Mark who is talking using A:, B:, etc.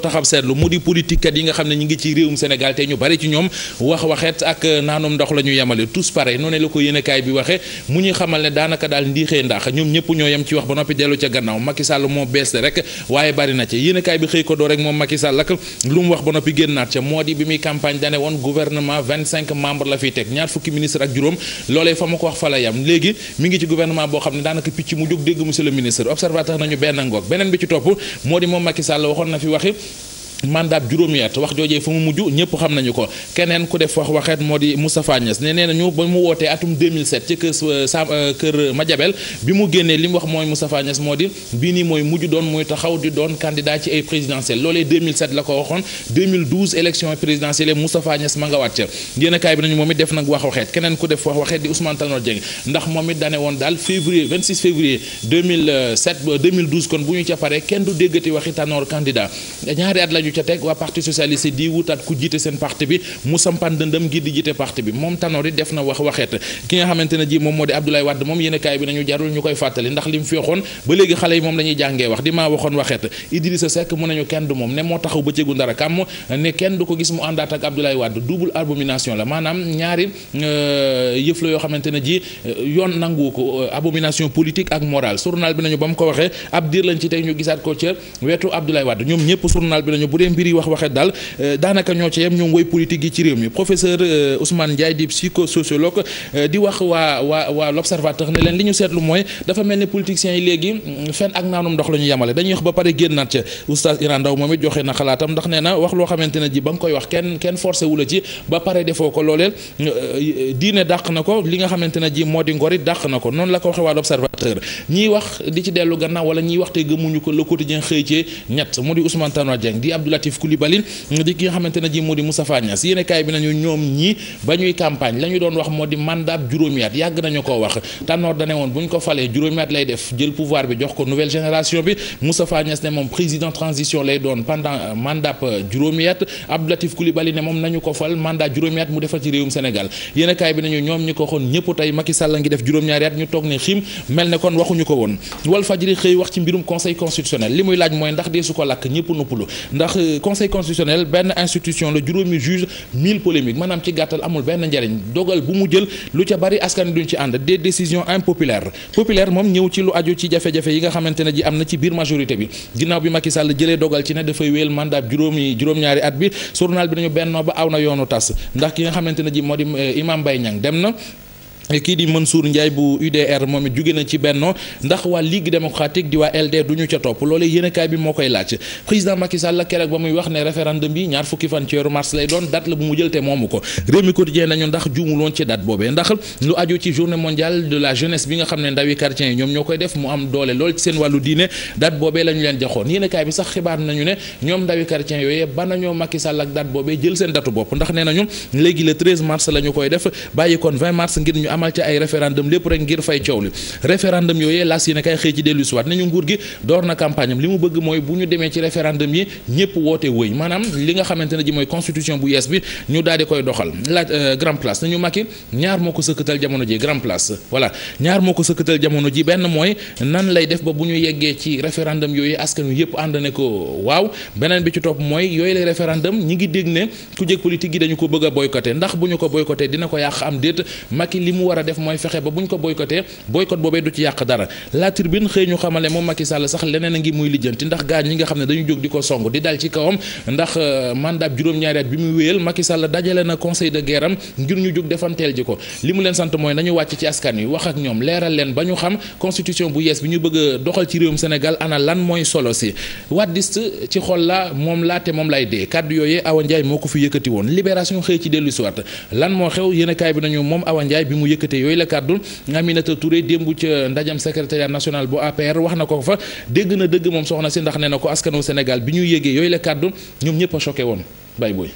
A: taxam seetlu mu di politique kat yi nga xam ne ñu ngi ci réewum Sénégal te ñu bari ci ñoom wax waxet ak naanum ndox la ñu yemale tous pare noonu la ko yéenekaay bi waxee mu ñuy xamal ne daanaka daal ndiixee ndax ñoom ñëpp ñoo yem ci wax ba noppi dellu ca gannaaw Macky moo bees rek waaye bari na ci yéenekaay bi xëy ko doo rek moom Macky Sall ak lu mu wax ba noppi génnaat ca moo di bi muy campagne dane woon gouvernement 25 membres la ngi ci gouvernement boo xam ne daanaka picc mu jóg mandat juróomi at wax joojee fu mu mujj ñëpp xam nañu ko keneen ku def wax waxeet moo di Moustapha Niass ne nee nañu ba mu wootee atum 2007 kër euh, sa euh, kër bi mu génnee li wax mooy Moustapha Niass moo di bii nii mooy mujj doon muy taxaw di doon candidat ci ay présidentielles loolee la ko waxoon 2012 présidentielle Moustapha Niass ma nga waat ca bi nañu moom it def nag wax waxeet keneen ku def wax waxeet di Ousmane Tanor Dieng ndax moom it dane daal février ju ca teg waa parti socialiste di wutaat ku jiite seen parti bi mu sampan dëndëm ngir di jiite parti bi moom Tanor def na wax waxeet ki nga xamante ne ji moom moo di Abdoulaye Wade moom yéen bi nañu jarul ñu koy fàttali ndax li jàngee wax di maa waxoon waxeet Idrissa Seck mu nañu kenn du moom ne moo taxaw ba ndara kàmm ne kenn du ko gis mu àndaat ak Abdoulaye Wade double abomination la maanaam ñaari euh, yëf la yoo xamante ne ji euh, yoon nangu ko euh, abomination politique ak morale journal bi dee mbir yi wax waxet daal euh, daanaka ñoo ci yem ñoom woy politique yi ci réew mi professeur euh, Ousmane Ndiaye di psychosociologue euh, di wax waa waa l'observateur ne leen li ñu seetlu mooy dafa mel ne politiciens yi léegi mm, fenn ak naanum ndox la ñu yemale dañuy wax ba pare génnaat ca oustaz Iran Ndaw moom it joxe na xalaatam ndax nee wax loo xamante ne ji ba nga koy wax kenn kenn forcé wu la ci ba pare defoo ko looleel diine dàq na ko li nga xamante ne ji moo di ngor it na ko noonu la ko waxee waa l'observateur ñiy wax di ci dellu gannaaw wala ñiy wax te ko le quotidien Abdou Latif doon wax moo di mandat juróomi at yàgg nañu koo wax ko falee juróomi at lay def jël pouvoir ko nouvelle génération bi Moustapha Niasse ne moom président transition lay doon pendant euh, mandat euh, juróomi at Abdou Latif Coulibaly ne moom nañu ko fal mandat juróomi at mu defal ci réewum Sénégal yéen bi nañu ñoom ñi ko xoon ñëpp tey Macky Sall ngi def juróom-ñaari at ñu toog ne xim mel ne kon waxuñu ko woon Walf Fadjri xëy wax ci mbirum conseil constitutionnel li muy laaj mooy ndax dee su ko lakk ñëpp noppalu ndax Euh, conseil constitutionnel benn institution la juróomi juge mille polémiques maanaam ci gàttal amul benn njariñ dogal bu mu jël lu ca bari askan duñ ci ànd des décision impopulaires populaire moom ñëw ci lu aju ci jafe-jafe yi nga xamante ne ji am na ci biir majorité bi ginnaaw bi Macky Sall jëlee dogal ci ne dafay wéyal mandat juróomi juróom-ñaari at bi journal bi nañu bennoo ba aw na yoonu tas ndax ki nga xamante ne ji moo di euh, Imam Mbaye Niang dem na E kii di Mansour Ndiaye bu UDR moom it jóge na ci Benno ndax waa Ligue démocratique di waa LD du ca topp loolee yéenekaay bi moo koy laaj président Macky Sall keroog ba muy wax ne référendum bi ñaar fukki fan ci mars lay doon date la bu mu jël te moomu ko réew mi quotidien nañu ndax juumul woon ci date boobee ndax lu aju ci journée mondiale de la jeunesse bi nga xam ne ndawi chrétien yi ñoom ñoo koy def mu am doole lool seen wàllu diine date boobee la amal ci ay référendum lépp rek ngir fay coow li référendum yooyee las yi ne kay xëy ci dellu siwaat nañu nguur gi door na campagne am li mu bëgg mooy bu ñu demee ci référendum yi ñëpp woote wëy maanaam li nga xamante ji mooy constitution bu yees bi ñu daal koy doxal la euh, grand place nañu Macky ñaar moo ko sëkkatal jamono ji grand place voilà ñaar moo ko sëkkatal jamono ji benn mooy nan lay def ba bu ñu yeggee ci référendum yooyu askan wi yëpp ànd ko waaw beneen bi ci topp a war a def mooy fexe ba bu ñu ko boycotté boycott boobee du ci yàq dara la tribune xëy ñu xamale moom Macky sax leneen a ngi muy lijjanti ndax gaañ ñi nga xam ne dañu jóg di ko song di dal ci kawam ndax euh, mandat juróom-ñaari bi mu wéyal Macky Sall dajale na conseil de guerre am ngir ñu jóg defanteel ji ko li mu leen sant mooy nañu wàcc ci askan wi wax ak ñoom leeral leen ba ñu xam constitution bu yees bi ñu bëgg a doxal ci réewum Sénégal ana la moom laa te moom lay dee kàddu yooyee Awa Ndiaye yëkkatee yooyu la kàddu Aminata Touré démb ca ndajam secrétariat national bu APR wax na ko fa dégg na dëgg moom soxna si ndax nee na ko askanu Sénégal bi ñu yégee yooyu la kàddu ñoom ñëpp a choqué woon bay booy